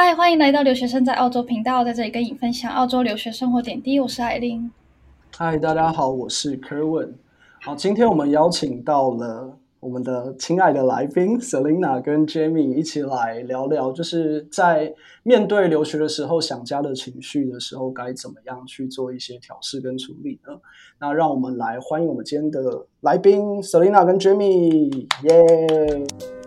嗨，歡迎來到留學生在澳洲頻道，在這裡跟您分享澳洲留學生活點滴。我是艾琳。嗨，大家好，我是 Kerwin。好，今天我們邀請到了我們的親愛的來賓 Selina 跟 Jemmy 一起來聊聊，就是在面對留學的時候想家的情緒的時候，該怎麼樣去做一些調適跟處理呢？那讓我們來歡迎我們今天的來賓 Selina 跟 Jemmy，耶！Yeah!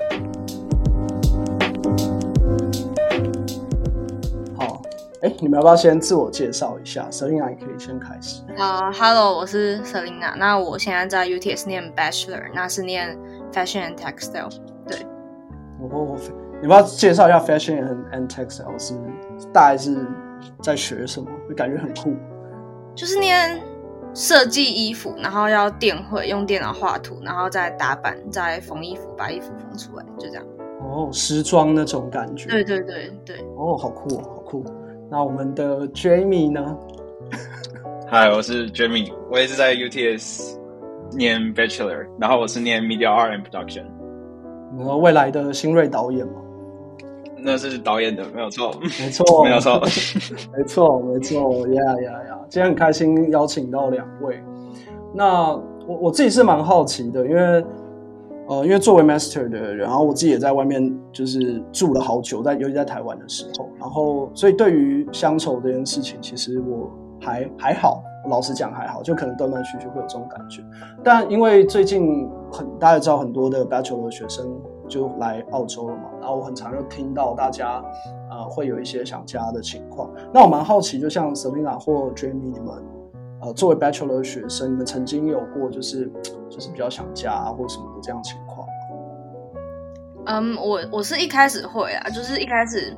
哎、欸，你們要不要先自我介紹一下？Selina，你可以先開始。Uh, hello，我是 Selina。那我現在在 UTS 念 Bachelor，那是念 Fashion and Textile。對。哦，你們要介紹一下 Fashion and Textile 是，是大概是在學什麼？感覺很酷。就是念設計衣服，然後要電繪，用電腦畫圖，然後再打版，再縫衣服，把衣服縫出來，就這樣。哦、oh，時裝那種感覺。對對對對。哦、oh, 喔，好酷，好酷。那我們的 Jemmy 呢？嗨，我是 Jemmy，我也是在 UTS 唸 Bachelor，然後我是念 Media Art and Production。我後未來的新銳導演嗎？那是導演的，沒有錯，沒錯，沒有錯，沒錯，沒錯，呀呀呀！沒錯 yeah, yeah, yeah. 今天很開心邀請到兩位。那我我自己是蠻好奇的，因為。呃，因為作為 master 的人，然後我自己也在外面就是住了好久，在尤其在台灣的時候，然後所以對於鄉愁這件事情，其實我還還好，老實講還好，就可能斷斷續續會有這種感覺。但因為最近很大家知道很多的 bachelor 的學生就來澳洲了嘛，然後我很常就聽到大家、呃、會有一些想家的情況。那我蠻好奇，就像 Selina 或 Jemmy 你們，呃，作為 bachelor 學生，你們曾經有過就是就是比較想家啊，或什麼的這樣情？嗯、um,，我我是一開始會啊，就是一開始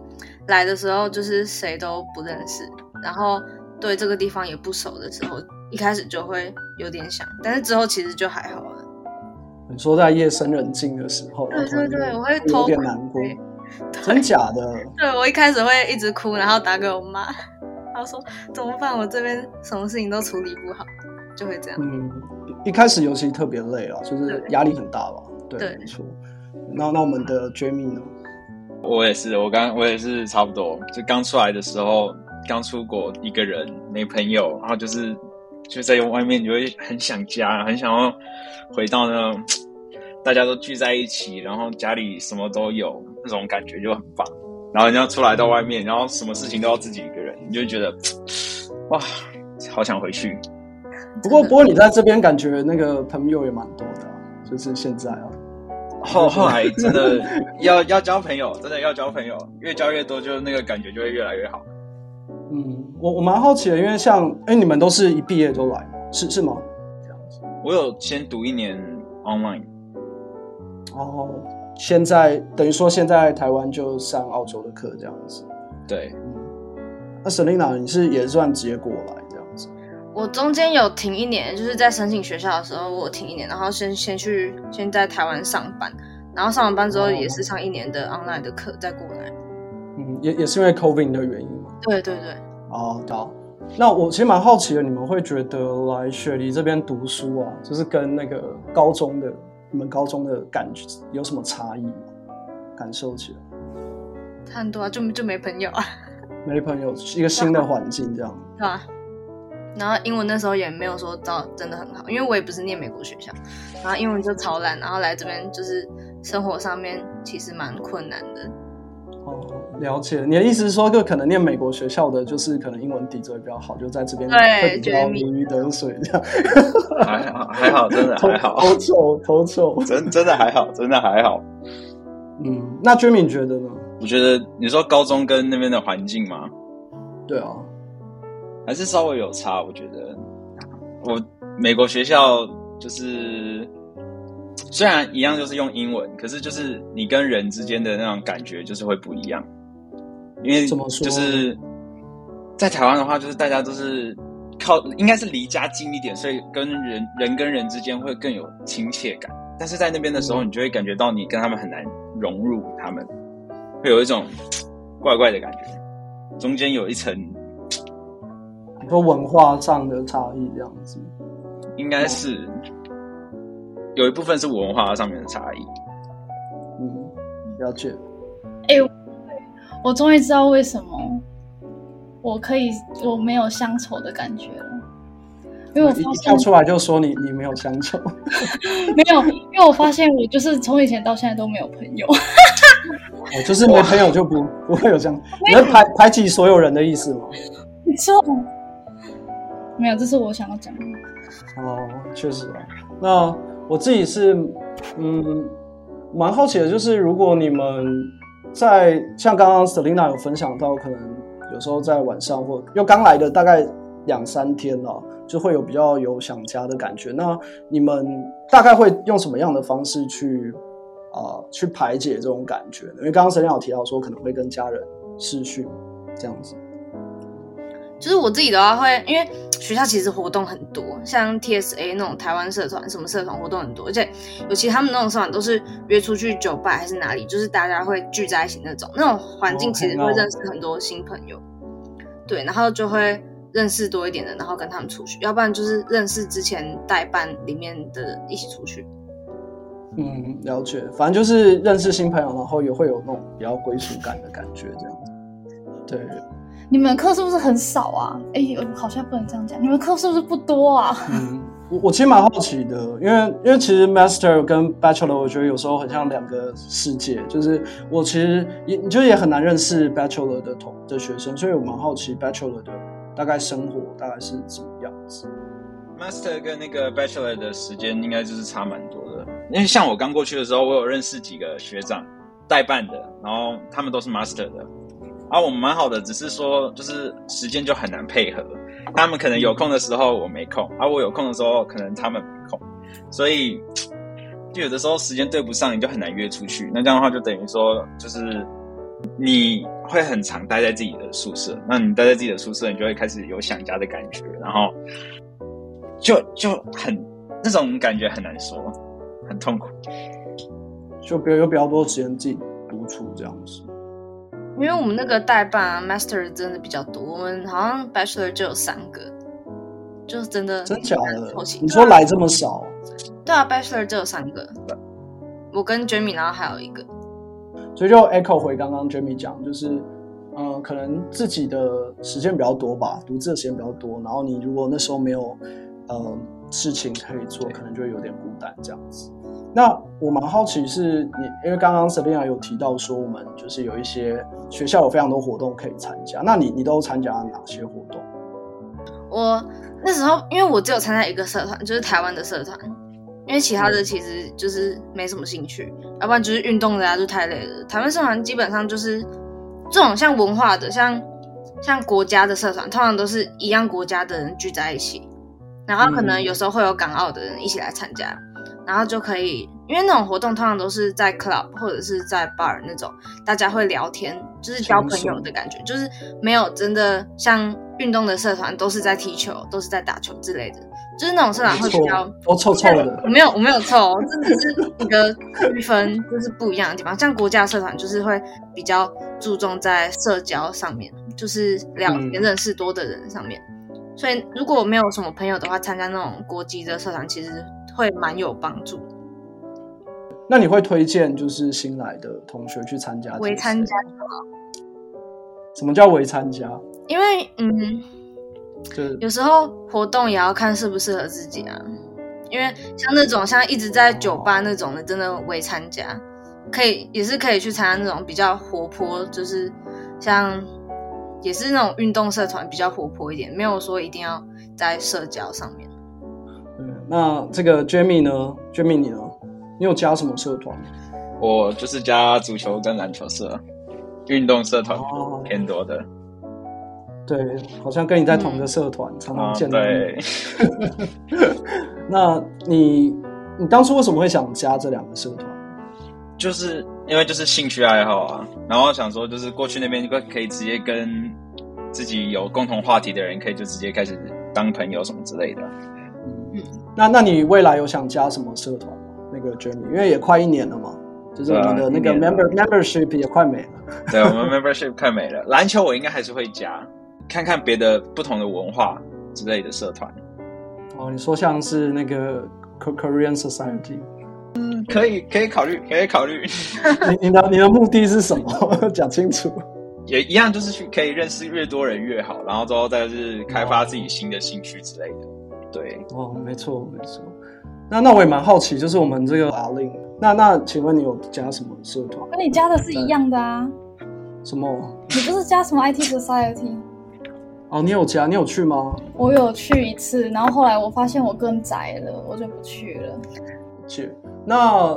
來的時候，就是誰都不認識，然後對這個地方也不熟的時候， 一開始就會有點想，但是之後其實就還好了。你說在夜深人靜的時候，對對對，會有點難過，對對對，我會偷哭，會有點難過。真假的。對，我一開始會一直哭，然後打給我媽，她說怎麼辦？我這邊什麼事情都處理不好，就會這樣。嗯，一開始尤其特別累啊，就是壓力很大吧？對，沒錯。那那我們的 Jemmy 呢？我也是，我剛我也是差不多，就剛出來的時候，剛出國一個人沒朋友，然後就是就在外面就會很想家，很想要回到那種大家都聚在一起，然後家裡什麼都有那種感覺就很棒。然後你要出來到外面，然後什麼事情都要自己一個人，你就覺得哇，好想回去。不過不過你在這邊感覺那個朋友也蠻多的，就是現在啊。後後來真的 要要交朋友，真的要交朋友，越交越多，就那個感覺就會越來越好。嗯，我我蠻好奇的，因為像哎、欸，你們都是一畢業都來，是是嗎？這樣子。我有先讀一年 online。哦、嗯，現在等於說現在台灣就上澳洲的課這樣子。對。那 Selina，啊、Selina, 你是也是算直接過來？我中間有停一年，就是在申請學校的時候我停一年，然後先先去先在台灣上班，然後上完班之後也是上一年的 online 的課，Oh. 再過來。嗯，也也是因為 COVID 的原因嘛。對對對。哦，好。那我其實蠻好奇的，你們會覺得來雪梨這邊讀書啊，就是跟那個高中的你們高中的感覺有什麼差異嗎？感受起來？很多啊，就就沒朋友啊，沒朋友，一個新的環境這樣，是吧？然後英文那時候也沒有說到真的很好，因為我也不是念美國學校，然後英文就超爛，然後來這邊就是生活上面其實蠻困難的。哦，了解。你的意思是說，就可能念美國學校的就是可能英文底子比較好，好，就在這邊會比較如魚得水，這樣。還好，還好，真的還好。偷臭，偷臭， 真真的還好，真的還好。嗯，那 Jemmy 覺得呢？我覺得你說高中跟那邊的環境嗎？對啊。還是稍微有差，我覺得我，我美國學校就是雖然一樣，就是用英文，可是就是你跟人之間的那種感覺就是會不一樣，因為就是在台灣的話，就是大家都是靠應該是離家近一點，所以跟人人跟人之間會更有親切感。但是在那邊的時候，你就會感覺到你跟他們很難融入他們，他們會有一種怪怪的感覺，中間有一層。說文化上的差異這樣子，應該是、嗯、有一部分是文化上面的差異。嗯，了解。哎，我終於知道為什麼我可以，我沒有鄉愁的感覺了，因為我發現你，我跳出來就說你，你沒有鄉愁， 沒有，因為我發現我就是從以前到現在都沒有朋友，我、 哦、就是沒朋友就不，不會有這樣，能排，排擠所有人的意思嗎？沒錯。沒有，這是我想要講的。哦，確實啊。那我自己是，嗯，蠻好奇的，就是如果你們在像剛剛 Selina 有分享到，可能有時候在晚上或又剛來的大概兩三天了，啊，就會有比較有想家的感覺。那你們大概會用什麼樣的方式去，呃，去排解這種感覺？因為剛剛 Selina 有提到說，可能會跟家人視訊這樣子。就是我自己的話會，會因為。學校其實活動很多，像 TSA 那種台灣社團，什麼社團活動很多，而且尤其他們那種社團都是約出去酒吧還是哪裡，就是大家會聚在一起那種，那種環境其實會認識很多新朋友。哦哦。對，然後就會認識多一點的，然後跟他們出去，要不然就是認識之前代班裡面的人一起出去。嗯，了解，反正就是認識新朋友，然後也會有那種比較歸屬感的感覺，這樣子。對。你們課是不是很少啊？哎、欸，我好像不能這樣講。你們課是不是不多啊？嗯，我我其實蠻好奇的，因為因為其實 master 跟 bachelor 我覺得有時候很像兩個世界。就是我其實也就也很難認識 bachelor 的同的學生，所以我蠻好奇 bachelor 的大概生活大概是怎麼樣子。Master 跟那個 Bachelor 的時間應該就是差蠻多的。因為像我剛過去的時候，我有認識幾個學長，代辦的，然後他們都是 Master 的。啊，我們蠻好的，只是說就是時間就很難配合。他們可能有空的時候我沒空，而、啊、我有空的時候可能他們沒空，所以就有的時候時間對不上，你就很難約出去。那這樣的話就等於說，就是你會很常待在自己的宿舍。那你待在自己的宿舍，你就會開始有想家的感覺，然後就就很那種感覺很難說，很痛苦。就比如有比較多時間自己獨處這樣子。.因為我們那個代班啊、嗯、master 真的比較多。我們好像 bachelor 就有三個，就是真的，真假的，你說來這麼少？對啊，啊 bachelor 只有三個，我跟 Jamie，然後還有一個。所以就 echo 回剛剛 Jamie 講，就是嗯、呃，可能自己的時間比較多吧，獨自的時間比較多。然後你如果那時候沒有，呃事情可以做，可能就會有點孤單這樣子。那我蠻好奇，是你因為剛剛 Selina 有提到說，我們就是有一些學校有非常多活動可以參加。那你你都參加了哪些活動？我那時候因為我只有參加一個社團，就是台灣的社團，因為其他的其實就是沒什麼興趣，嗯、要不然就是運動的啊，就太累了。台灣社團基本上就是這種像文化的，像像國家的社團，通常都是一樣國家的人聚在一起。然後可能有時候會有港澳的人一起來參加、嗯，然後就可以，因為那種活動通常都是在 club 或者是在 bar 那種，大家會聊天，就是交朋友的感覺，就是沒有真的像運動的社團都是在踢球，都是在打球之類的，就是那種社團會比較、哦。臭臭的。我沒有，我沒有臭，這 只是一個區分，就是不一樣的地方。像國家社團就是會比較注重在社交上面，就是聊、嗯、認識多的人上面。所以，如果沒有什麼朋友的話，參加那種國際的社團其實會蠻有幫助。那你會推薦就是新來的同學去參加？為參加的嗎？什麼叫為參加？因為嗯，就是、有時候活動也要看適不適合自己啊。因為像那種像一直在酒吧那種的，真的為參加，可以也是可以去參加那種比較活潑，就是像。也是那種運動社團比較活潑一點，沒有說一定要在社交上面。對、嗯，那這個 Jemmy 呢？Jemmy 你呢？你有加什麼社團？我就是加足球跟籃球社，運動社團偏多的、啊。對，好像跟你在同一個社團，常常見到。嗯啊、對 那你你當初為什麼會想加這兩個社團？就是因為就是興趣愛好啊，然後想說就是過去那邊就可以直接跟自己有共同話題的人，可以就直接開始當朋友什麼之類的。嗯嗯。那那你未來有想加什麼社團嗎？那個 Jemmy，因為也快一年了嘛，就是我們的那個、那個、member membership 也快沒了。對，我們 membership 快沒了。 籃球我應該還是會加，看看別的不同的文化之類的社團。哦，你說像是那個 Korean Society。嗯，可以可以考慮，可以考慮。你 你的你的目的是什麼？講 清楚。也一樣，就是去可以認識越多人越好，然後之後再是開發自己新的興趣之類的。哦、對，哦，沒錯沒錯。那那我也蠻好奇，就是我們這個阿令，那那請問你有加什麼社團？跟你加的是一樣的啊。什麼？你不是加什麼 IT Society？哦，你有加，你有去嗎？我有去一次，然後後來我發現我更宅了，我就不去了。去。那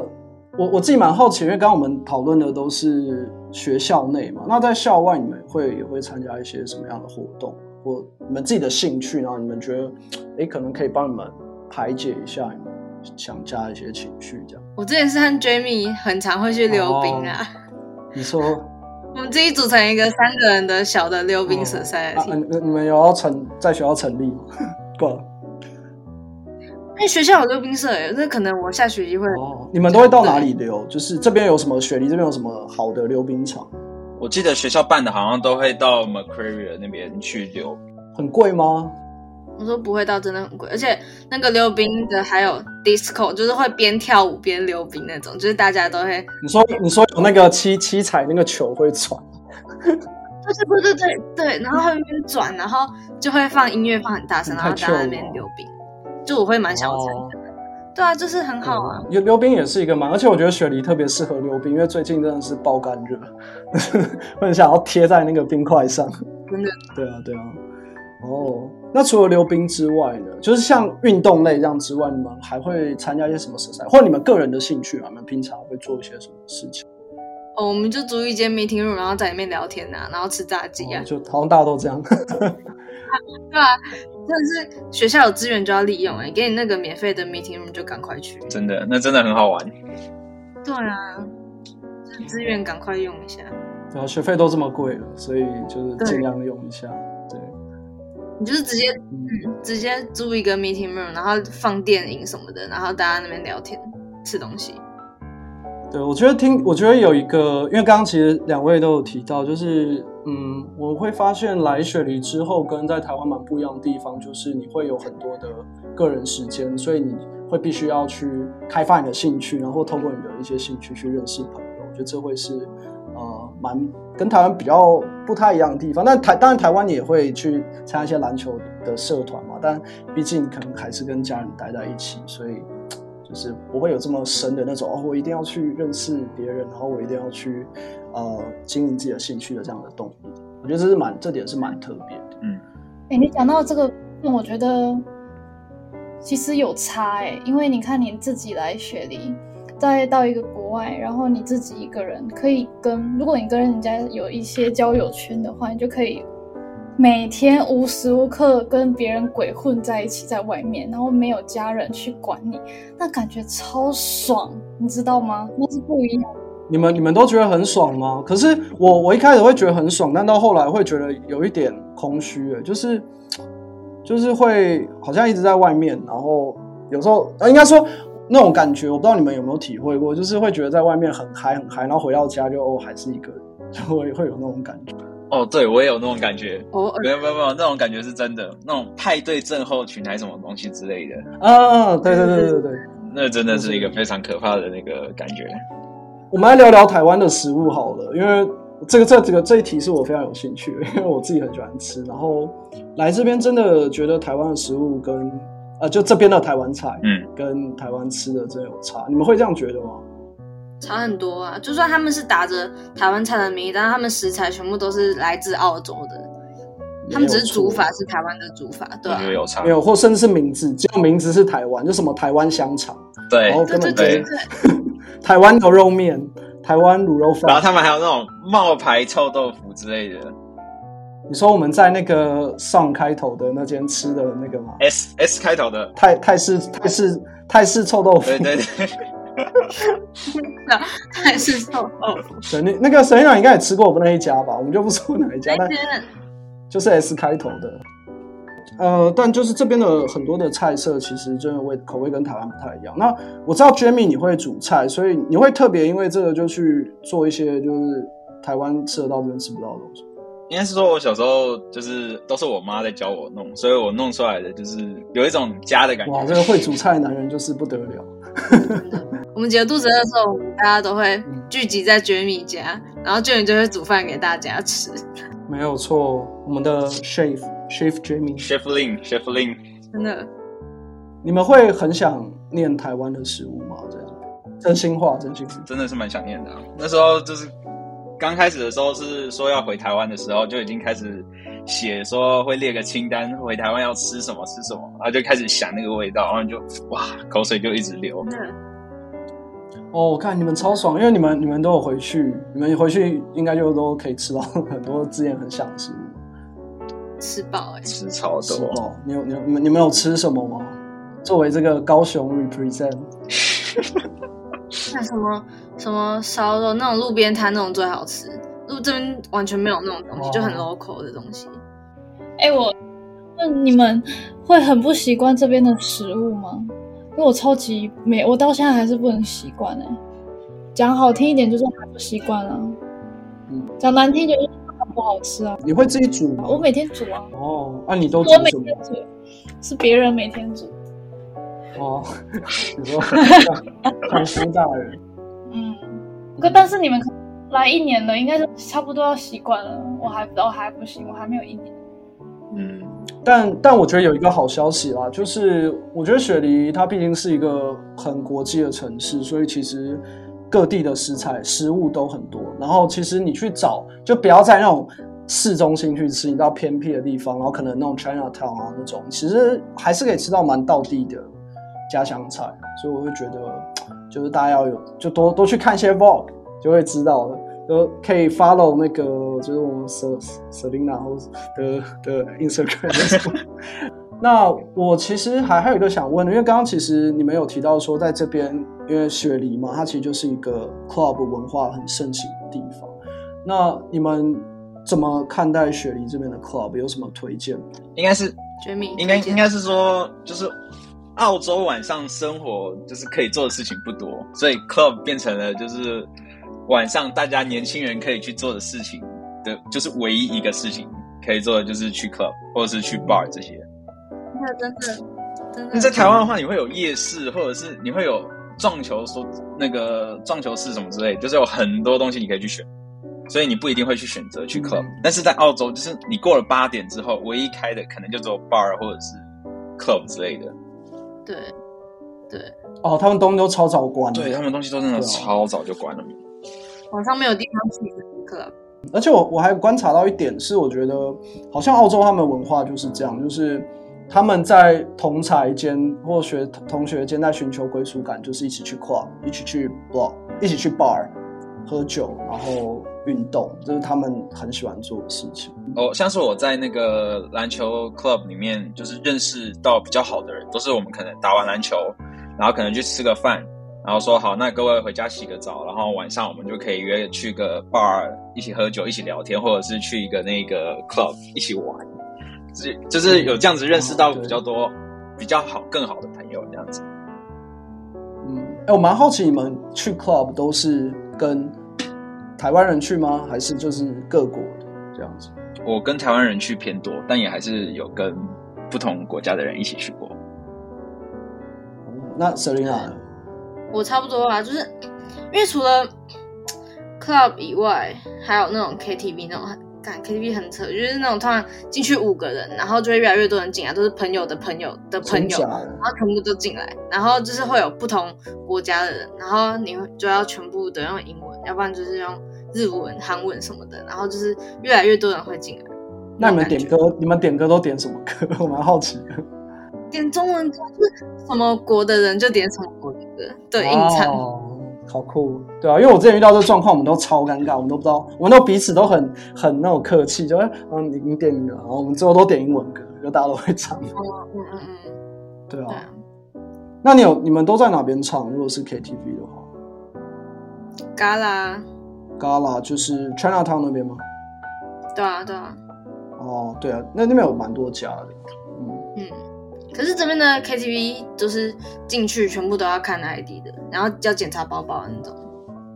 我我自己蠻好奇，因為剛剛我們討論的都是學校內嘛，那在校外你們會也會參加一些什麼樣的活動？或你們自己的興趣，然後你們覺得，誒、欸，可能可以幫你們排解一下想家一些情緒，這樣。我之前是和 Jemmy 很常會去溜冰啊，嗯。你說， 我們自己組成一個三個人的小的溜冰社。塞、嗯嗯嗯。嗯，你們有要成在學校成立嗎？不。 了。那學校有溜冰社、欸，那可能我下學期會。哦，你們都會到哪裡溜？就是這邊有什麼雪梨，這邊有什麼好的溜冰場？我記得學校辦的，好像都會到 Macquarie 那邊去溜。很貴嗎？我說不會，到真的很貴。而且那個溜冰的還有 disco，就是會邊跳舞邊溜冰那種，就是大家都會。你說，你說有那個七七彩那個球會轉？ 就是不是，不是，對對，然後會邊轉，然後就會放音樂放很大聲、嗯，然後在那邊溜冰。嗯嗯嗯就我會蠻想要參加的。oh. 對啊，就是很好啊。溜冰也是一個嘛，而且我覺得雪梨特別適合溜冰，因為最近真的是爆乾熱呵呵，我很想要貼在那個冰塊上。 對啊，對啊。哦，oh. 那除了溜冰之外呢，就是像運動類這樣之外，你們還會參加一些什麼賽事，或你們個人的興趣啊？你們平常會做一些什麼事情？哦，oh, 我們就租一間 meeting room，然後在裡面聊天啊，然後吃炸雞啊，oh, 就好像大家都這樣。 對啊，但是學校有資源就要利用哎、欸，給你那個免費的 meeting room 就趕快去。真的，那真的很好玩。對啊，就資源趕快用一下。對啊，學費都這麼貴了，所以就是盡量用一下，對。對，你就是直接，嗯，直接租一個 meeting room，然後放電影什麼的，然後大家那邊聊天吃東西。對，我覺得聽，我覺得有一個，因為剛剛其實兩位都有提到，就是。嗯，我會發現來雪梨之後跟在台灣蠻不一樣的地方，就是你會有很多的個人時間，所以你會必須要去開發你的興趣，然後透過你的一些興趣去認識朋友。我覺得這會是呃蠻跟台灣比較不太一樣的地方。但台當然台灣你也會去參加一些籃球的社團嘛，但畢竟可能還是跟家人待在一起，所以就是不會有這麼深的那種哦，我一定要去認識別人，然後我一定要去。呃，經營自己的興趣的這樣的動力，我覺得這是蠻，這點是蠻特別的。嗯，哎、欸，你講到這個，那我覺得其實有差哎、欸，因為你看你自己來雪梨，再到一個國外，然後你自己一個人，可以跟如果你跟人家有一些交友圈的話，你就可以每天無時無刻跟別人鬼混在一起，在外面，然後沒有家人去管你，那感覺超爽，你知道嗎？那是不一樣。你們你們都覺得很爽嗎？可是我我一開始會覺得很爽，但到後來會覺得有一點空虛，就是就是會好像一直在外面，然後有時候應該說那種感覺，我不知道你們有沒有體會過，就是會覺得在外面很嗨很嗨，然後回到家就、哦、還是一個人，我也會，會有那種感覺。哦，對，我也有那種感覺。哦，沒有沒有沒有，那種感覺是真的，那種派對症候群還是什麼東西之類的啊？對、哦、對對對對，那真的是一個非常可怕的那個感覺。我們來聊聊台灣的食物好了，因為這個、這個、這個、這一題是我非常有興趣，因為我自己很喜歡吃。然後來這邊真的覺得台灣的食物跟呃，就這邊的台灣菜，嗯，跟台灣吃的真有差，嗯。你們會這樣覺得嗎？差很多啊！就算他們是打着台灣菜的名義，但是他們食材全部都是來自澳洲的，他們只是煮法是台灣的煮法，對吧？沒有差，沒有，或甚至是名字，只要名字是台灣，就什麼台灣香腸，對，然後根本對。對 台灣牛肉麵，台灣滷肉飯，然後他們還有那種冒牌臭豆腐之類的。你說我們在那個上開頭的那間吃的那個嗎？S S 開頭的泰泰式泰式泰式臭豆腐。對對對， 泰式臭豆腐。 臭豆腐那個沈院應該也吃過我們那一家吧？我們就不說哪一家，但就是 S 開頭的。呃，但就是這邊的很多的菜色，其實真的味口味跟台灣不太一樣。那我知道 Jemmy 你會煮菜，所以你會特別因為這個就去做一些就是台灣吃得到這邊吃不到的東西。應該是說，我小時候就是都是我媽在教我弄，所以我弄出來的就是有一種家的感覺。哇，這個會煮菜的男人就是不得了。真的，我們解肚子餓的時候，我們大家都會聚集在 Jemmy 家，然後 Jemmy 就會煮飯給大家吃。沒有錯，我們的 chef。Chef Jimmy，Chef Ling，Chef Ling，, Chef Ling 真的，你們會很想念台灣的食物嗎？這真，真心話，真心，真的是蠻想念的。啊。那時候就是剛開始的時候，是說要回台灣的時候，就已經開始寫說會列個清單，回台灣要吃什麼，吃什麼，然後就開始想那個味道，然後就哇，口水就一直流。哦、嗯，我、oh, 看你們超爽，因為你們你們都有回去，你們回去應該就都可以吃到很多之前很想的食物。吃飽，吃超多。吃、哦、你有你有你你們有吃什麼嗎？作為這個高雄 represent， 那什麼什麼燒肉那種路邊攤那種最好吃，路這邊完全沒有那種東西，哦、就很 local 的東西。哎、欸，我那你們會很不習慣這邊的食物嗎？因為我超級沒，我到現在還是不能習慣哎。講好聽一點就是還不習慣啊，講、嗯、難聽就是。不好吃啊！你會自己煮嗎？我每天煮啊。哦，啊，你都煮什麼？我每天煮，是別人每天煮。哦，你說廚師大人。 嗯，可但是你們來一年了，應該是差不多要習慣了。我還不知道，我還不行，我還沒有一年。嗯，但但我覺得有一個好消息啦，就是我覺得雪梨它畢竟是一個很國際的城市，所以其實。各地的食材、食物都很多，然後其實你去找，就不要在那種市中心去吃，你到偏僻的地方，然後可能那種 Chinatown 啊那種，其實還是可以吃到蠻道地的家鄉菜。所以我會覺得，就是大家要有，就多多去看一些 Vlog，就會知道了，可以 follow 那個，就是我們 Selina 的 的，的 Instagram。 那我其實還還有一個想問的，因為剛剛其實你們有提到說，在這邊因為雪梨嘛，它其實就是一個 club 文化很盛行的地方。那你們怎麼看待雪梨這邊的 club 有什麼推薦？應該是 Jemmy 應該應該是說，就是澳洲晚上生活就是可以做的事情不多，所以 club 變成了就是晚上大家年輕人可以去做的事情的，就是唯一一個事情可以做的就是去 club 或者是去 bar 這些。真的，你在台灣的話，你會有夜市，或者是你會有撞球所那個撞球室什麼之類的，就是有很多東西你可以去選，所以你不一定會去選擇去 club，嗯。但是在澳洲，就是你過了八點之後，唯一開的可能就只有 bar 或者是 club 之類的。對，對，哦，他們東西都超早關了，對他們東西都真的超早就關了門，晚上、啊、沒有地方去的。而且我我還觀察到一點是，我覺得好像澳洲他們文化就是這樣，就是。他們在同才間或學同學間在尋求歸屬感，就是一起去 club，一起去 block，一起去 bar 喝酒，然後運動，這是他們很喜歡做的事情。哦，像是我在那個籃球 club 裡面，就是認識到比較好的人，都是我們可能打完籃球，然後可能去吃個飯，然後說好，那各位回家洗個澡，然後晚上我們就可以約去個 bar 一起喝酒，一起聊天，或者是去一個那個 club 一起玩。就是有這樣子認識到比較多、比較好、更好的朋友這樣子。嗯，哎，我蠻好奇你們去 club 都是跟台灣人去嗎？還是就是各國的這樣子？我跟台灣人去偏多，但也還是有跟不同國家的人一起去過。那 Selina，我差不多吧，啊，就是因為除了 club 以外，還有那種 KTV 那種。KTV 很扯，就是那種突然進去五個人，然後就會越來越多人進來，都是朋友的朋友的朋友，然後全部都進來，然後就是會有不同國家的人，然後你就要全部都用英文，要不然就是用日文、韓文什麼的，然後就是越來越多人會進來。那你們點歌，你們點歌都點什麼歌？我蠻好奇的。點中文歌，就是什麼國的人就點什麼國的歌，對，英、wow. 產。好酷，對啊，因為我之前遇到這狀況，我們都超尷尬，我們都不知道，我們都彼此都很很那種客氣，就嗯、啊，你你點哪個，然後我們最後都點英文歌，大家都會唱。嗯嗯嗯，對啊。那你有你們都在哪邊唱？如果是 KTV 的話。Gala，Gala 就是 China Town 那邊嗎？對啊，對啊。哦，對啊，那那邊有蠻多家的。嗯嗯。可是這邊的 KTV 都是進去全部都要看 ID 的。然後要檢查包包那種，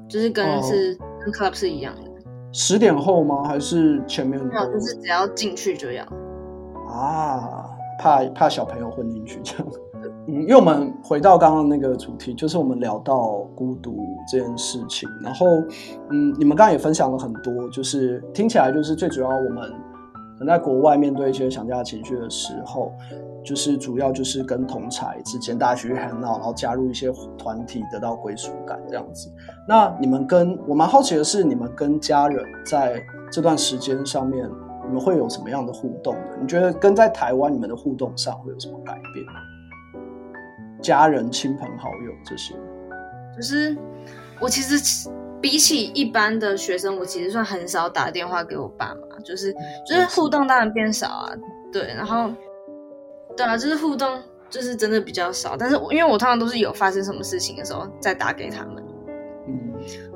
就是跟是、嗯、跟 club 是一樣的。十點後嗎？還是前面多？沒有，就是只要進去就要。啊，怕怕小朋友混進去這樣。嗯，因為我們回到剛剛那個主題，就是我們聊到孤獨這件事情。然後，嗯，你們剛剛也分享了很多，就是聽起來就是最主要我們。在國外面對一些想家的情緒的時候，就是主要就是跟同儕之間打打鬧鬧，然後加入一些團體得到歸屬感這樣子。那你們跟我蠻好奇的是，你們跟家人在這段時間上面，你們會有什麼樣的互動呢？你覺得跟在台灣你們的互動上會有什麼改變？家人、親朋好友這些，就是我其實。比起一般的學生，我其實算很少打電話給我爸媽，就是就是互動當然變少啊，對，然後對啊，就是互動就是真的比較少。但是我因為我通常都是有發生什麼事情的時候再打給他們，嗯，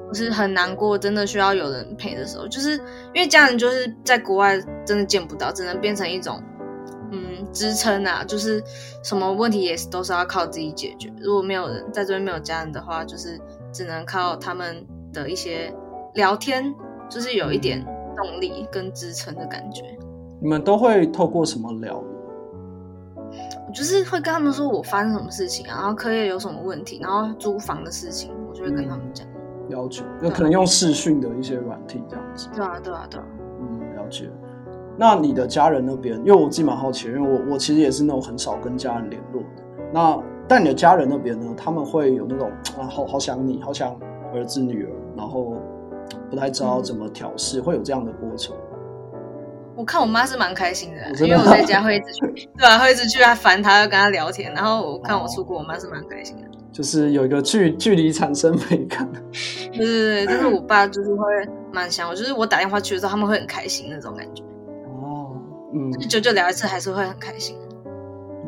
我是很難過，真的需要有人陪的時候，就是因為家人就是在國外真的見不到，只能變成一種嗯支撐啊，就是什麼問題也是都是要靠自己解決。如果沒有人，在這邊沒有家人的話，就是只能靠他們。的一些聊天，就是有一點動力跟支撐的感覺。你們都會透過什麼聊？我就是會跟他們說我發生什麼事情啊，然後學業有什麼問題，然後租房的事情，我就會跟他們講。嗯，了解，那可能用視訊的一些軟體這樣子。對啊，對啊，對啊，對啊。嗯，了解。那你的家人那邊，因為我自己蠻好奇，因為我我其實也是那種很少跟家人聯絡。那但你的家人那邊呢？他們會有那種啊，好好想你，好想。兒子女兒，然後不太知道怎麼調試，會有這樣的過程。我看我媽是蠻開心的，的、啊，因為我在家會一直去，對啊，會一直去煩她，跟她聊天。然後我看我出國、哦，我媽是蠻開心的，就是有一個距距離產生美感。對對對，但、就是我爸就是會蠻想我，就是我打電話去的時候，他們會很開心那種感覺。哦，嗯，就久久聊一次還是會很開心的。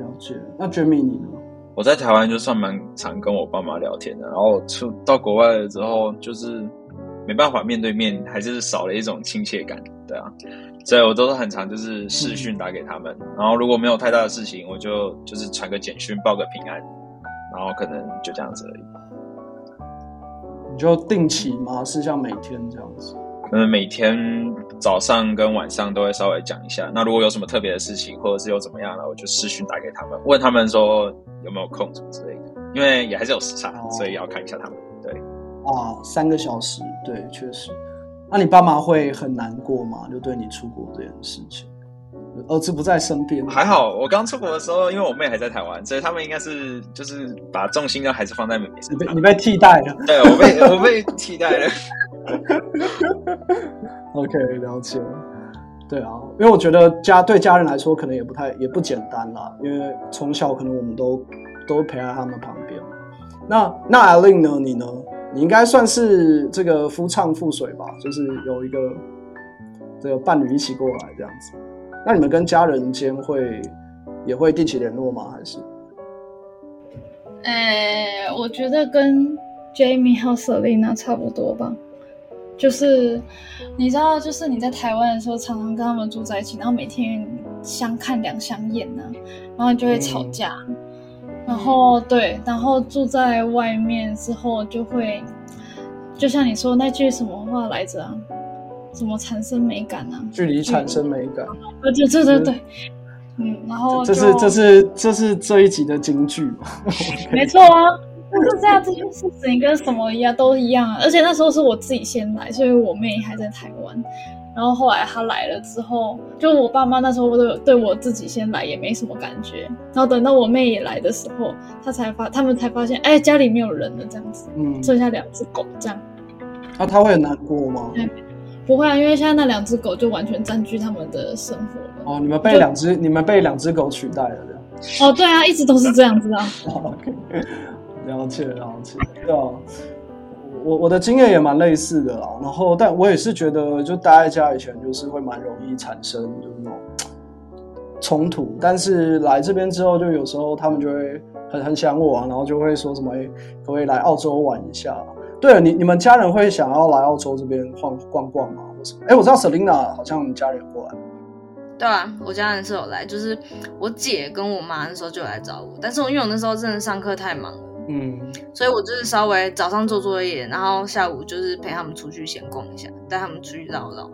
了解。那 Jemmy 你呢？我在台灣就算蠻常跟我爸媽聊天的，然後出到國外了之後，就是沒辦法面對面，還是少了一種親切感，對啊，所以我都是很常就是視訊打給他們，嗯，然後如果沒有太大的事情，我就就是傳個簡訊報個平安，然後可能就這樣子而已。你就定期嗎？是像每天這樣子？嗯，每天早上跟晚上都會稍微講一下。那如果有什麼特別的事情，或者是又怎麼樣了，我就視訊打給他們，問他們說有沒有空什麼之類的。因為也還是有時差、哦，所以要看一下他們。對，啊，三個小時，對，確實。那、啊、你爸媽會很難過嗎？就對你出國這件事情，兒子不在身邊，還好。我剛出國的時候，因為我妹還在台灣，所以他們應該是就是把重心呢還是放在妹妹身上。你被、你被替代了，對我被我被替代了。 OK，了解。對啊，因為我覺得家對家人來說可能也不太也不簡單啦，因為從小可能我們都都陪在他們旁邊。那那 Alin 呢？你呢？你應該算是這個夫唱婦隨吧，就是有一個這個伴侶一起過來這樣子。那你們跟家人間會也會定期聯絡嗎？還是？呃、欸，我覺得跟 Jemmy 和 Selina 差不多吧。就是，你知道，就是你在台灣的時候，常常跟他們住在一起，然後每天相看兩相厭啊，然後就會吵架，嗯、然後對、嗯，然後住在外面之後就會，就像你說那句什麼話來着、啊？怎麼產生美感呢、啊？距離產生美感。而、嗯、且，對對對，對，嗯，然後這是這是這是這一集的金句。 Okay. 沒錯啊。 就是這樣，這些事情跟什麼一樣都一樣啊。而且那時候是我自己先來，所以我妹還在台灣。然後後來她來了之後，就我爸媽那時候都有對我自己先來也沒什麼感覺。然後等到我妹也來的時候，他才發，他們才發現，哎，家裡沒有人了，這樣子，嗯，剩下兩隻狗這樣。那他會很難過嗎？不會啊，因為現在那兩隻狗就完全佔據他們的生活了。哦，你們被兩隻，你們被兩隻狗取代了，這樣。哦，對啊，一直都是這樣子啊。 了解，了解，對啊，我我的經驗也蠻類似的啦。然後，但我也是覺得，就待在家以前，就是會蠻容易產生就是那種衝突。但是來這邊之後，就有時候他們就會很很想我啊，然後就會說什麼：“欸，可不可以來澳洲玩一下啊？”對，你你們家人會想要來澳洲這邊逛逛逛嗎？或什麼？哎，我知道 Selina 好像家人過來，對啊，我家人是有來，就是我姐跟我媽那時候就來找我，但是我因為我那時候真的上課太忙了。嗯，所以我就是稍微早上做作業，然後下午就是陪他們出去閒逛一下，帶他們出去繞繞。哦，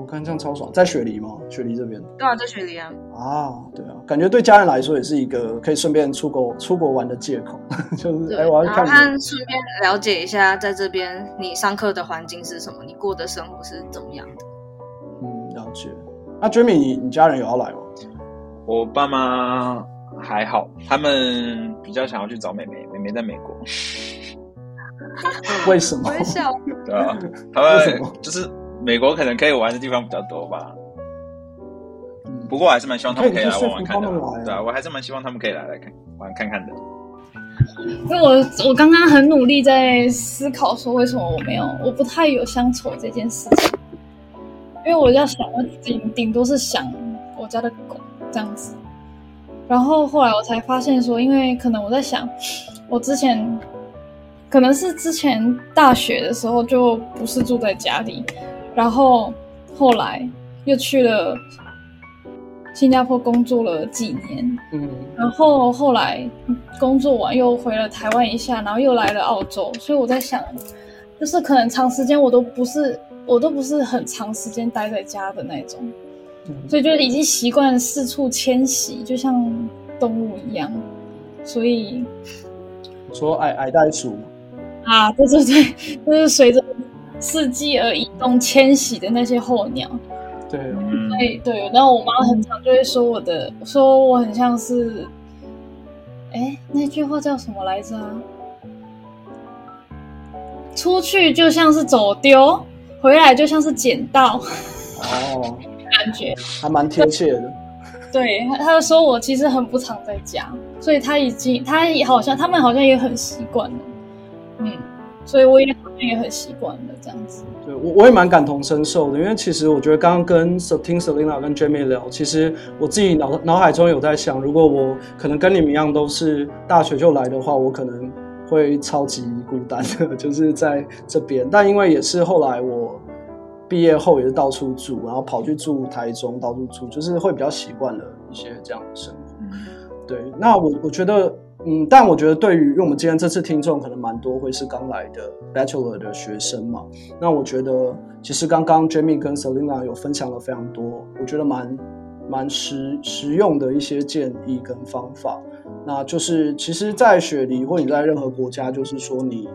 我看這樣超爽，在雪梨嗎？雪梨這邊？對啊，在雪梨啊。啊，對啊，感覺對家人來說也是一個可以順便出國出國玩的借口， 就是哎、欸，我要去看看順便了解一下，在這邊你上課的環境是什麼，你過的生活是怎麼樣。嗯，了解。那 Jemmy 你你家人有要來嗎？我爸媽。還好，他們比較想要去找妹妹，妹妹在美國。為什麼？ 對啊，他們就是美國可能可以玩的地方比較多吧。嗯，不過我還是蠻希望他們可以來玩玩玩看的，欸。對啊，我還是蠻希望他們可以來來看玩看看的。因為我我剛剛很努力在思考說，為什麼我沒有，我不太有鄉愁這件事情，因為我要想要，頂頂多是想我家的狗這樣子。然後後來我才發現說，說因為可能我在想，我之前可能是之前大學的時候就不是住在家裡，然後後來又去了新加坡工作了幾年，嗯，然後後來工作完又回了台灣一下，然後又來了澳洲，所以我在想，就是可能長時間我都不是我都不是很長時間待在家的那種。所以就已經習慣四處遷徙，就像動物一樣。所以，說矮矮袋鼠啊，對、就、對、是、對，就是隨着四季而移動遷徙的那些候鳥。對對、哦嗯、對，然後我媽很常就會說我的，說我很像是，哎，那句話叫什麼來着，啊？出去就像是走丟，回來就像是撿到。哦、oh.。感覺還蠻貼切的對。對，他說我其實很不常在家，所以他已經，他也好像，他們好像也很習慣了。嗯，所以我也好像也很習慣的這樣子。對，我我也蠻感同身受的，因為其實我覺得剛剛跟 Selina、Selina 跟 Jemmy 聊，其實我自己腦腦海中有在想，如果我可能跟你們一樣都是大學就來的話，我可能會超級孤單的，就是在這邊。但因為也是後來我。畢業後也是到處住，然後跑去住台中，到處住，就是會比較習慣了一些這樣的生活。嗯、對，那我我覺得，嗯，但我覺得對於，因為我們今天這次聽眾可能蠻多會是剛來的 bachelor 的學生嘛，那我覺得其實剛剛 Jemmy 跟 Selina 有分享了非常多，我覺得蠻蠻實實用的一些建議跟方法。那就是，其實，在雪梨或你在任何國家，就是說你。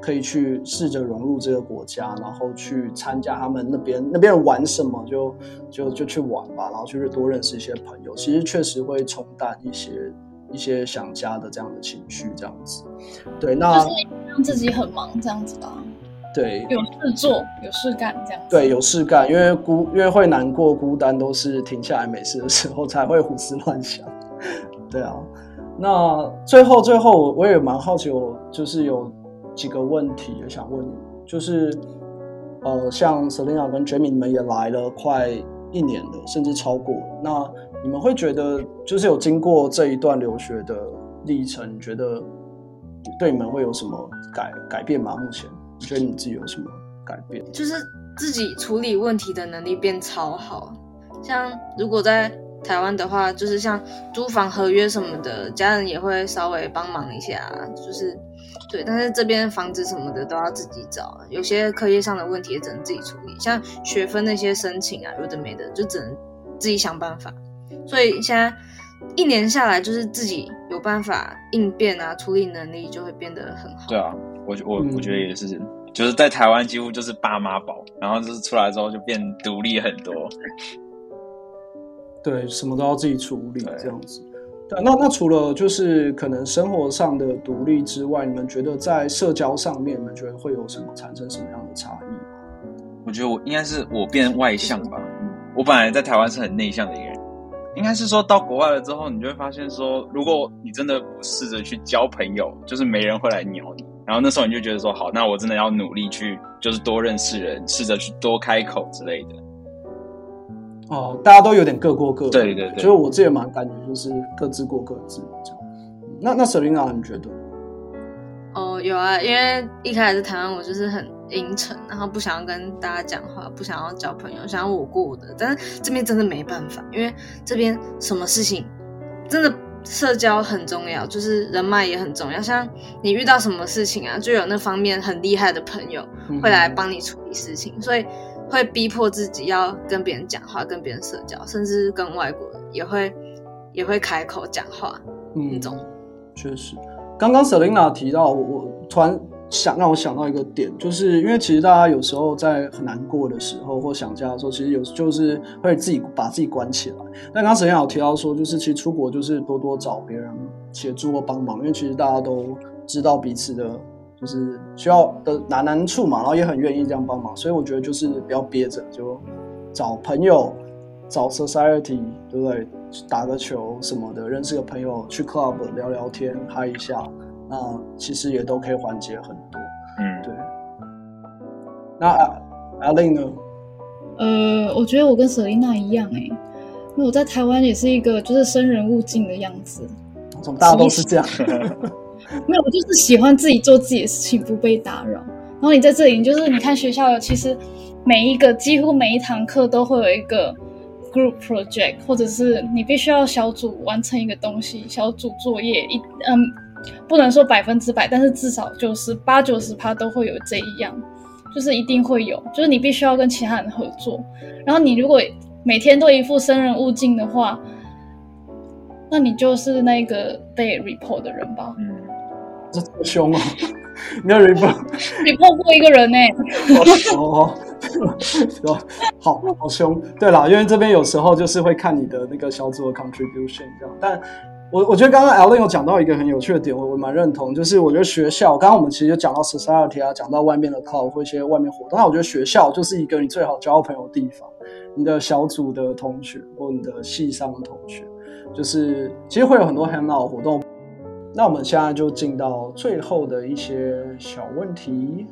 可以去試着融入這個國家，然後去參加他們那邊那邊玩什麼，就就就去玩吧，然後就是多認識一些朋友。其實確實會沖淡一些一些想家的這樣的情緒，這樣子。對，那就是你讓自己很忙這樣子吧。對，有事做，有事幹這樣子。對，有事幹，因為孤，因為會難過、孤單，都是停下來沒事的時候才會胡思亂想。對啊，那最後最後，我也蠻好奇有，我就是有。幾個問題也想問你，就是，呃，像 Selina 跟 Jemmy 你們也來了快一年了，甚至超過。那你們會覺得，就是有經過這一段留學的歷程，你覺得對你們會有什麼改改變嗎？目前，你覺得你自己有什麼改變？就是自己處理問題的能力變超好，像如果在台灣的話，就是像租房合約什麼的，家人也會稍微幫忙一下，就是。對，但是這邊房子什麼的都要自己找啊，有些課業上的問題也只能自己處理，像學分那些申請啊，有的沒的就只能自己想辦法。所以現在一年下來，就是自己有辦法應變啊，處理能力就會變得很好。對啊，我我我覺得也是，嗯，就是在台灣幾乎就是爸媽寶，然後就是出來之後就變獨立很多。對，什麼都要自己處理，這樣子。那那除了就是可能生活上的獨立之外，你們覺得在社交上面，你們覺得會有什麼產生什麼樣的差異嗎？我覺得我應該是我變外向吧。我本來在台灣是很內向的一個人，應該是說到國外了之後，你就會發現說，如果你真的不試着去交朋友，就是沒人會來鳥你。然後那時候你就覺得說，好，那我真的要努力去，就是多認識人，試着去多開口之類的。哦，大家都有點各過各的，對對對。所以我自己也蠻感覺就是各自過各自這樣。那那 Selina 你覺得？哦，有啊，因為一開始在台灣我就是很陰沉，然後不想要跟大家講話，不想要交朋友，想要我過我的。但是這邊真的沒辦法，因為這邊什麼事情真的社交很重要，就是人脈也很重要。像你遇到什麼事情啊，就有那方面很厲害的朋友會來幫你處理事情，嗯、所以。會逼迫自己要跟別人講話，跟別人社交，甚至跟外國人，也會也會開口講話。嗯，那種確實。剛剛 Selina 提到，我突然想讓我想到一個點，就是因為其實大家有時候在很難過的時候或想家的時候，其實有就是會自己把自己關起來。但剛剛 Selina 有提到說，就是其實出國就是多多找別人協助或幫忙，因為其實大家都知道彼此的。就是需要的難難處嘛，然後也很願意這樣幫忙，所以我覺得就是不要憋着，就找朋友，找 society 對不對？打個球什麼的，認識個朋友去 club 聊聊天嗨、嗯、一下，那其實也都可以緩解很多。嗯，對。那阿玲呢？呃，我覺得我跟 Selina 一樣哎、欸，因為我在台灣也是一個就是生人勿近的樣子，大家都是這樣的。 沒有，我就是喜歡自己做自己的事情，不被打擾。然後你在這裡，你就是你看學校，其實每一個幾乎每一堂課都會有一個 group project，或者是你必須要小組完成一個東西，小組作業。一嗯，不能說百分之百，但是至少九十八九十趴都會有這一樣，就是一定會有，就是你必須要跟其他人合作。然後你如果每天都一副生人勿近的話，那你就是那個被 report 的人吧。嗯這這麼凶啊，哦！ 你要忍 repo 不？你 碰過一個人呢？哦，凶哦，哦 好，好好凶。對啦，因為這邊有時候就是會看你的那個小組的 contribution，這樣。但我我覺得剛剛 Allen 有講到一個很有趣的點，我我蠻認同，就是我覺得學校。剛剛我們其實就講到 society 啊，講到外面的 club 或一些外面活動。那我覺得學校就是一個你最好交朋友的地方。你的小組的同學，或你的系上的同學，就是其實會有很多很 nice 的活動。那我們現在就進到最後的一些小問題，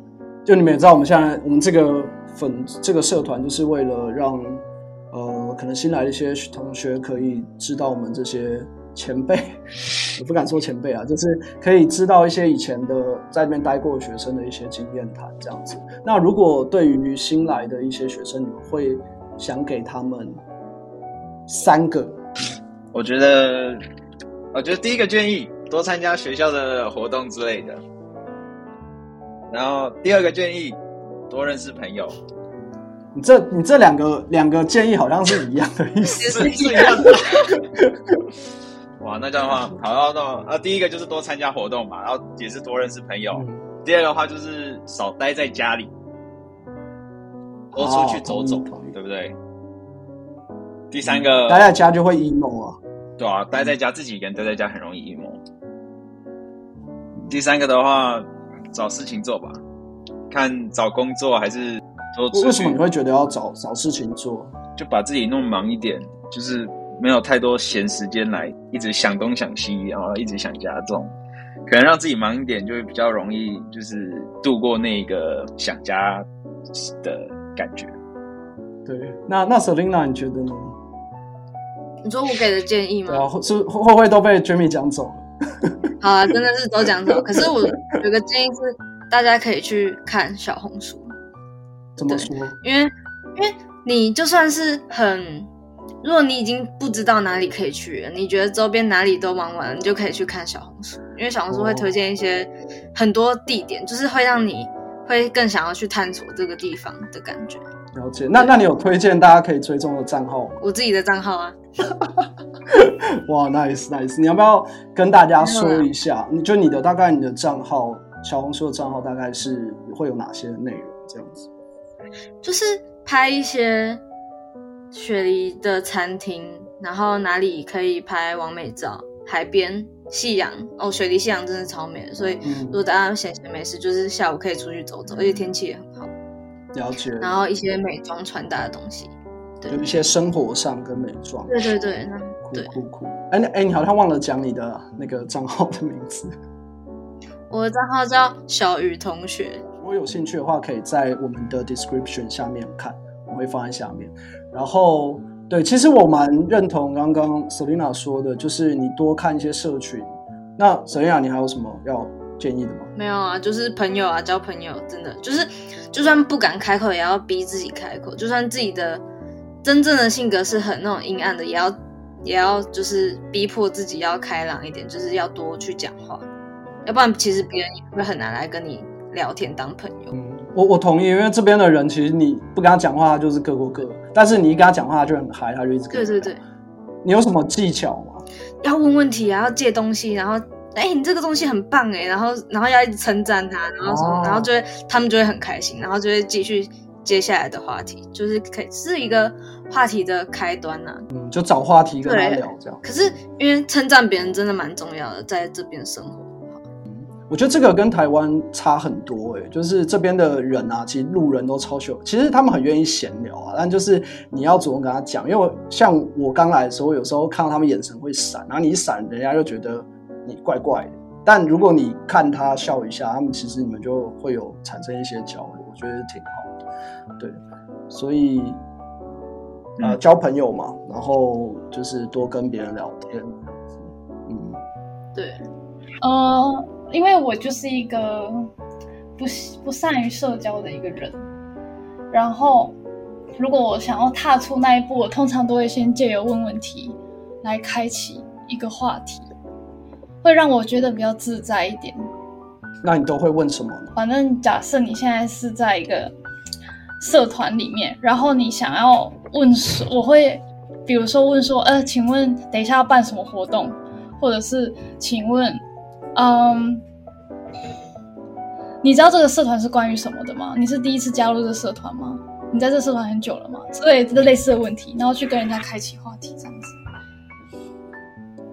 就你們也知道，我們現在我們這個粉這個社團，就是為了讓呃可能新來的一些同學可以知道我們這些前輩，我不敢說前輩啊，就是可以知道一些以前的在那邊待過學生的一些經驗談這樣子。那如果對於新來的一些學生，你們會想給他們三個，我覺得我覺得第一個建議。多參加學校的活動之類的，然後第二個建議，多認識朋友。你這你這兩個兩個建議好像是一樣的意思，一樣的。哇，那這樣的話，好、啊，那呃，第一個就是多參加活動嘛，然後也是多認識朋友。嗯、第二個話就是少待在家裡，多出去走走，哦嗯、對不對、嗯？第三個，待在家就會 emo 啊。對啊，待在家、嗯、自己一個人待在家很容易 emo。第三個的話，找事情做吧，看找工作還是做。為什麼你會覺得要找找事情做？就把自己弄忙一點，就是沒有太多閒時間來一直想東想西，然後一直想家中，這種可能讓自己忙一點，就會比較容易，就是度過那個想家的感覺。對，那那 Selina，你覺得呢？你說我給的建議嗎？對啊，是會不會都被 Jemmy 講走？ 好啊，真的是都講到。可是我有個建議是，大家可以去看小紅書。怎麼說？因為，因為你就算是很，如果你已經不知道哪裡可以去了，你覺得周邊哪裡都忙完，你就可以去看小紅書。因為小紅書會推薦一些很多地點，哦、就是會讓你會更想要去探索這個地方的感覺。了解。那，那你有推薦大家可以追蹤的賬號嗎？我自己的賬號啊。 哇、 wow，nice nice，你要不要跟大家說一下？你就你的大概你的賬號小紅書的賬號大概是會有哪些內容？這樣子，就是拍一些雪梨的餐廳，然後哪裡可以拍網美照，海邊夕陽哦，雪梨夕陽真的超美的，所以如果大家閒閒沒事，就是下午可以出去走走，嗯、而且天氣也很好。了解。然後一些美妝穿搭的東西，對，有一些生活上跟美妝，對對對，對。酷,酷酷，哎、欸，哎、欸，你好像忘了講你的那個賬號的名字。我的賬號叫小雨同學。如果有興趣的話，可以在我們的 description 下面看，我會放在下面。然後，對，其實我蠻認同剛剛 Selina 說的，就是你多看一些社群。那 Selina，你還有什麼要建議的嗎？沒有啊，就是朋友啊，交朋友，真的就是，就算不敢開口，也要逼自己開口，就算自己的真正的性格是很那種陰暗的，也要。也要就是逼迫自己要開朗一點，就是要多去講話，要不然其實別人也會很難來跟你聊天當朋友。嗯，我我同意，因為這邊的人其實你不跟他講話，他就是各過各；但是你一跟他講話，他就很嗨，他就一直。對對對。你有什麼技巧嗎？要問問題啊，要借東西，然後哎、欸，你這個東西很棒哎，然後然後要一直稱讚他，然後、啊、然後就會他們就會很開心，然後就會繼續。接下來的話題就是可以是一個話題的開端啊。嗯，就找話題跟他聊這樣。可是因為稱讚別人真的蠻重要的，在這邊生活。嗯，我覺得這個跟台灣差很多哎、欸，就是這邊的人啊，其實路人都超秀，其實他們很願意閒聊啊，但就是你要主動跟他講，因為我，像我剛來的時候，有時候看到他們眼神會閃，然後你一閃，人家又覺得你怪怪的。但如果你看他笑一下，他們其實你們就會有產生一些交流，我覺得挺。對，所以，呃，交朋友嘛、嗯，然後就是多跟別人聊天，嗯，對，呃，因為我就是一個不不善於社交的一個人，然後如果我想要踏出那一步，我通常都會先借由問問題來開啟一個話題，會讓我覺得比較自在一點。那你都會問什麼呢？反正假設你現在是在一個。社團裡面，然後你想要問說，我會，比如說問說，呃，請問等一下要辦什麼活動，或者是請問，嗯，你知道這個社團是關於什麼的嗎？你是第一次加入這個社團嗎？你在這社團很久了嗎？對，這類似的問題，然後去跟人家開啟話題，這樣子，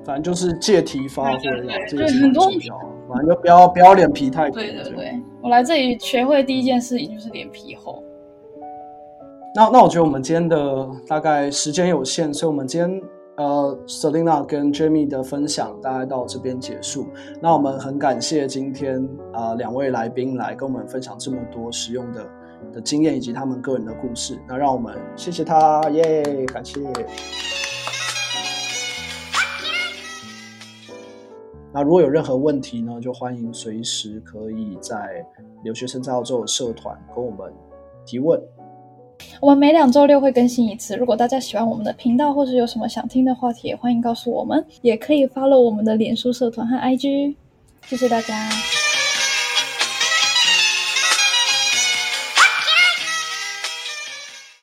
反正就是借題發揮，就很多，反正就不要不要臉皮太厚。對對對，我來這裡學會第一件事情就是臉皮厚。那那我覺得我們今天的大概時間有限，所以我們今天呃，Selina 跟 Jemmy 的分享大概到這邊結束。那我們很感謝今天啊、呃、兩位來賓來跟我們分享這麼多實用的的經驗以及他們個人的故事。那讓我們謝謝他，耶、yeah，感謝。 那如果有任何問題呢，就歡迎隨時可以在留學生在澳洲的社團跟我們提問。我們每兩周六會更新一次。如果大家喜歡我們的頻道，或是有什麼想聽的話題，也歡迎告訴我們，也可以 follow 我們的臉書社團和 IG。謝謝大家。